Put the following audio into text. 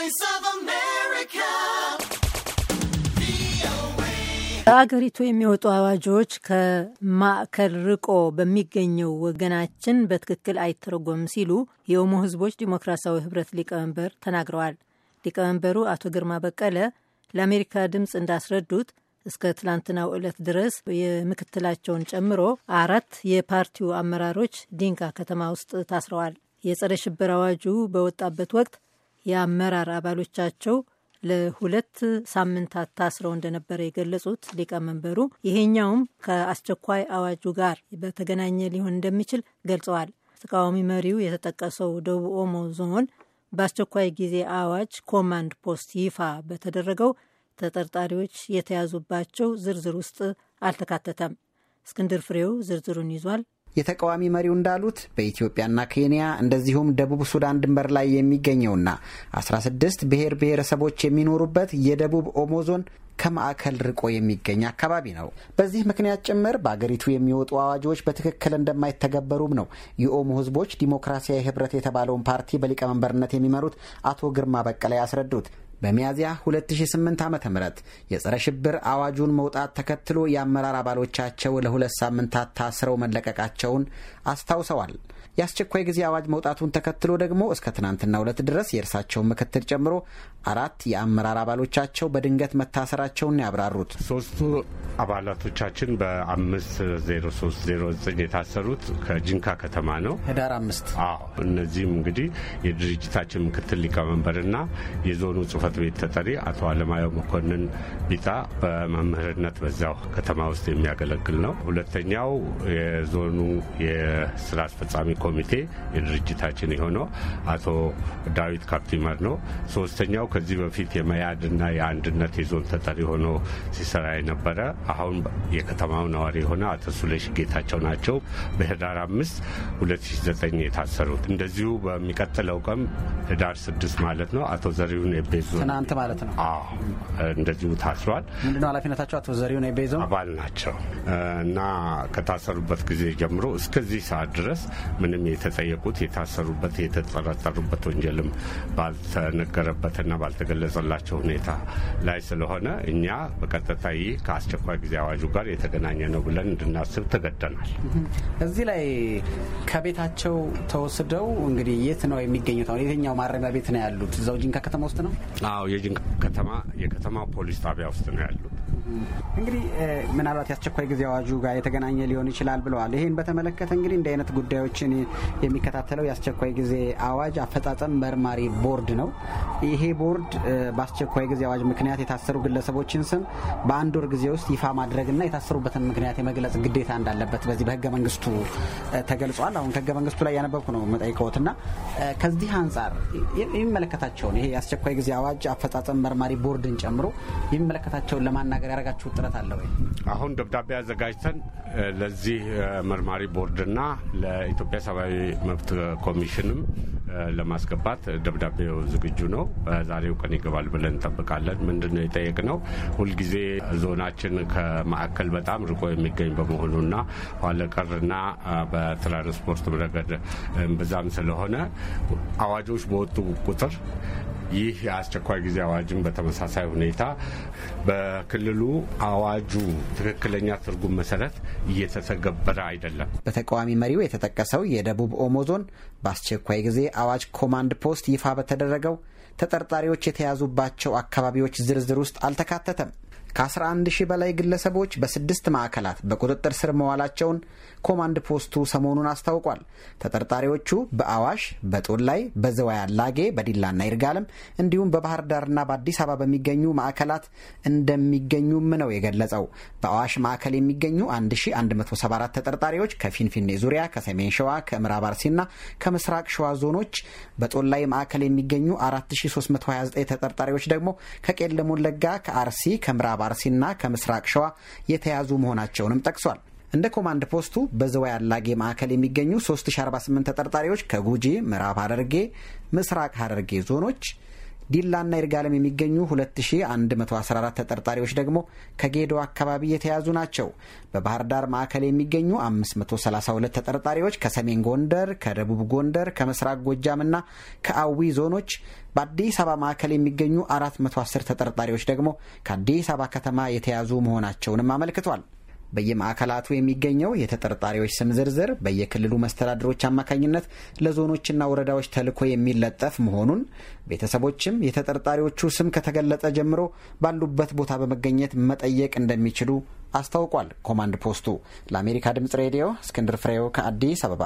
Voice በአገሪቱ የሚወጡ አዋጆች ከማዕከል ርቆ በሚገኘው ወገናችን በትክክል አይተረጎም ሲሉ የኦሞ ህዝቦች ዲሞክራሲያዊ ህብረት ሊቀመንበር ተናግረዋል። ሊቀመንበሩ አቶ ግርማ በቀለ ለአሜሪካ ድምፅ እንዳስረዱት እስከ ትላንትናው ዕለት ድረስ የምክትላቸውን ጨምሮ አራት የፓርቲው አመራሮች ዲንካ ከተማ ውስጥ ታስረዋል። የጸረ ሽብር አዋጁ በወጣበት ወቅት የአመራር አባሎቻቸው ለሁለት ሳምንታት ታስረው እንደነበረ የገለጹት ሊቀመንበሩ ይሄኛውም ከአስቸኳይ አዋጁ ጋር በተገናኘ ሊሆን እንደሚችል ገልጸዋል። ተቃዋሚ መሪው የተጠቀሰው ደቡብ ኦሞ ዞን በአስቸኳይ ጊዜ አዋጅ ኮማንድ ፖስት ይፋ በተደረገው ተጠርጣሪዎች የተያዙባቸው ዝርዝር ውስጥ አልተካተተም። እስክንድር ፍሬው ዝርዝሩን ይዟል። የተቃዋሚ መሪው እንዳሉት በኢትዮጵያና ኬንያ እንደዚሁም ደቡብ ሱዳን ድንበር ላይ የሚገኘውና 16 ብሔር ብሔረሰቦች የሚኖሩበት የደቡብ ኦሞ ዞን ከማዕከል ርቆ የሚገኝ አካባቢ ነው። በዚህ ምክንያት ጭምር በአገሪቱ የሚወጡ አዋጆች በትክክል እንደማይተገበሩም ነው የኦሞ ሕዝቦች ዲሞክራሲያዊ ህብረት የተባለውን ፓርቲ በሊቀመንበርነት የሚመሩት አቶ ግርማ በቀለ ያስረዱት። በሚያዝያ 2008 ዓ ም የጸረ ሽብር አዋጁን መውጣት ተከትሎ የአመራር አባሎቻቸው ለሁለት ሳምንታት ታስረው መለቀቃቸውን አስታውሰዋል። የአስቸኳይ ጊዜ አዋጅ መውጣቱን ተከትሎ ደግሞ እስከ ትናንትና ሁለት ድረስ የእርሳቸውን ምክትል ጨምሮ አራት የአመራር አባሎቻቸው በድንገት መታሰራቸውን ያብራሩት ሶስቱ አባላቶቻችን በ5309 የታሰሩት ከጅንካ ከተማ ነው ህዳር አምስት አዎ እነዚህም እንግዲህ የድርጅታችን ምክትል ሊቀመንበርና የዞኑ ጽህፈት ቤት ተጠሪ አቶ አለማየሁ መኮንን ቢጣ በመምህርነት በዛው ከተማ ውስጥ የሚያገለግል ነው። ሁለተኛው የዞኑ የስራ አስፈጻሚ ኮሚቴ የድርጅታችን የሆነው አቶ ዳዊት ካፕቲመር ነው። ሶስተኛው ከዚህ በፊት የመያድና የአንድነት የዞን ተጠሪ ሆኖ ሲሰራ የነበረ አሁን የከተማው ነዋሪ የሆነ አቶ ሱለሽ ጌታቸው ናቸው። በህዳር አምስት 2009 የታሰሩት። እንደዚሁ በሚቀጥለው ቀን ህዳር ስድስት ማለት ነው አቶ ዘሪሁን የቤዞ ትናንት ማለት ነው እንደዚሁ ታስሯል። ምንድነው ኃላፊነታቸው? አቶ ዘሪሁን የቤዞ አባል ናቸው እና ከታሰሩበት ጊዜ ጀምሮ እስከዚህ ሰዓት ድረስ ምንም የተጠየቁት የታሰሩበት የተጠረጠሩበት ወንጀልም ባልተነገረበትና ባልተገለጸላቸው ሁኔታ ላይ ስለሆነ እኛ በቀጥታ ይህ ከአስቸኳይ ከአስቸኳይ ጊዜ አዋጁ ጋር የተገናኘ ነው ብለን እንድናስብ ተገደናል። እዚህ ላይ ከቤታቸው ተወስደው እንግዲህ የት ነው የሚገኙት? አሁን የትኛው ማረሚያ ቤት ነው ያሉት? እዛው ጂንካ ከተማ ውስጥ ነው? አዎ የጂንካ ከተማ የከተማ ፖሊስ ጣቢያ ውስጥ ነው ያሉት። እንግዲህ ምናልባት የአስቸኳይ ጊዜ አዋጁ ጋር የተገናኘ ሊሆን ይችላል ብለዋል። ይህን በተመለከተ እንግዲህ እንዲህ አይነት ጉዳዮችን የሚከታተለው የአስቸኳይ ጊዜ አዋጅ አፈጻጸም መርማሪ ቦርድ ነው። ይሄ ቦርድ በአስቸኳይ ጊዜ አዋጅ ምክንያት የታሰሩ ግለሰቦችን ስም በአንድ ወር ጊዜ ውስጥ ይፋ ማድረግና የታሰሩበትን ምክንያት የመግለጽ ግዴታ እንዳለበት በዚህ በህገ መንግስቱ ተገልጿል። አሁን ከህገ መንግስቱ ላይ ያነበብኩ ነው መጠይቀዎትና ከዚህ አንጻር የሚመለከታቸውን ይሄ የአስቸኳይ ጊዜ አዋጅ አፈጻጸም መርማሪ ቦርድን ጨምሮ የሚመለከታቸውን ለማናገር ያደረጋችሁት ጥረት አለ ወይ? አሁን ደብዳቤ አዘጋጅተን ለዚህ መርማሪ ቦርድና ለኢትዮጵያ ሰብአዊ መብት ኮሚሽንም ለማስገባት ደብዳቤው ዝግጁ ነው። በዛሬው ቀን ይገባል ብለን እንጠብቃለን። ምንድን ነው የጠየቅነው? ሁልጊዜ ዞናችን ከማዕከል በጣም ርቆ የሚገኝ በመሆኑና ኋላ በትራንስፖርት ረገድ ብዛም ስለሆነ አዋጆች በወጡ ቁጥር ይህ የአስቸኳይ ጊዜ አዋጅን በተመሳሳይ ሁኔታ በክልሉ አዋጁ ትክክለኛ ትርጉም መሰረት እየተተገበረ አይደለም። በተቃዋሚ መሪው የተጠቀሰው የደቡብ ኦሞ ዞን በአስቸኳይ ጊዜ አዋጅ ኮማንድ ፖስት ይፋ በተደረገው ተጠርጣሪዎች የተያዙባቸው አካባቢዎች ዝርዝር ውስጥ አልተካተተም። ከ11 ሺህ በላይ ግለሰቦች በስድስት ማዕከላት በቁጥጥር ስር መዋላቸውን ኮማንድ ፖስቱ ሰሞኑን አስታውቋል። ተጠርጣሪዎቹ በአዋሽ፣ በጦላይ፣ በዘዋይ አላጌ፣ በዲላና ይርጋለም እንዲሁም በባህር ዳርና በአዲስ አበባ በሚገኙ ማዕከላት እንደሚገኙም ነው የገለጸው። በአዋሽ ማዕከል የሚገኙ 1174 ተጠርጣሪዎች ከፊንፊኔ ዙሪያ፣ ከሰሜን ሸዋ፣ ከምዕራብ አርሲና ከምስራቅ ሸዋ ዞኖች፣ በጦላይ ማዕከል የሚገኙ 4329 ተጠርጣሪዎች ደግሞ ከቄለም ወለጋ፣ ከአርሲ፣ ከምዕራብ ምዕራብ አርሲና ከምስራቅ ሸዋ የተያዙ መሆናቸውንም ጠቅሷል። እንደ ኮማንድ ፖስቱ በዝዋይ አላጌ ማዕከል የሚገኙ 3048 ተጠርጣሪዎች ከጉጂ ምዕራብ ሐረርጌ፣ ምስራቅ ሐረርጌ ዞኖች ዲላና ይርጋለም የሚገኙ 2114 ተጠርጣሪዎች ደግሞ ከጌዶ አካባቢ የተያዙ ናቸው። በባህር ዳር ማዕከል የሚገኙ 532 ተጠርጣሪዎች ከሰሜን ጎንደር፣ ከደቡብ ጎንደር፣ ከምስራቅ ጎጃምና ከአዊ ዞኖች በአዲስ አበባ ማዕከል የሚገኙ 410 ተጠርጣሪዎች ደግሞ ከአዲስ አበባ ከተማ የተያዙ መሆናቸውንም አመልክቷል። በየማዕከላቱ የሚገኘው የተጠርጣሪዎች ስም ዝርዝር በየክልሉ መስተዳድሮች አማካኝነት ለዞኖችና ወረዳዎች ተልኮ የሚለጠፍ መሆኑን ቤተሰቦችም የተጠርጣሪዎቹ ስም ከተገለጸ ጀምሮ ባሉበት ቦታ በመገኘት መጠየቅ እንደሚችሉ አስታውቋል። ኮማንድ ፖስቱ ለአሜሪካ ድምጽ ሬዲዮ እስክንድር ፍሬው ከአዲስ አበባ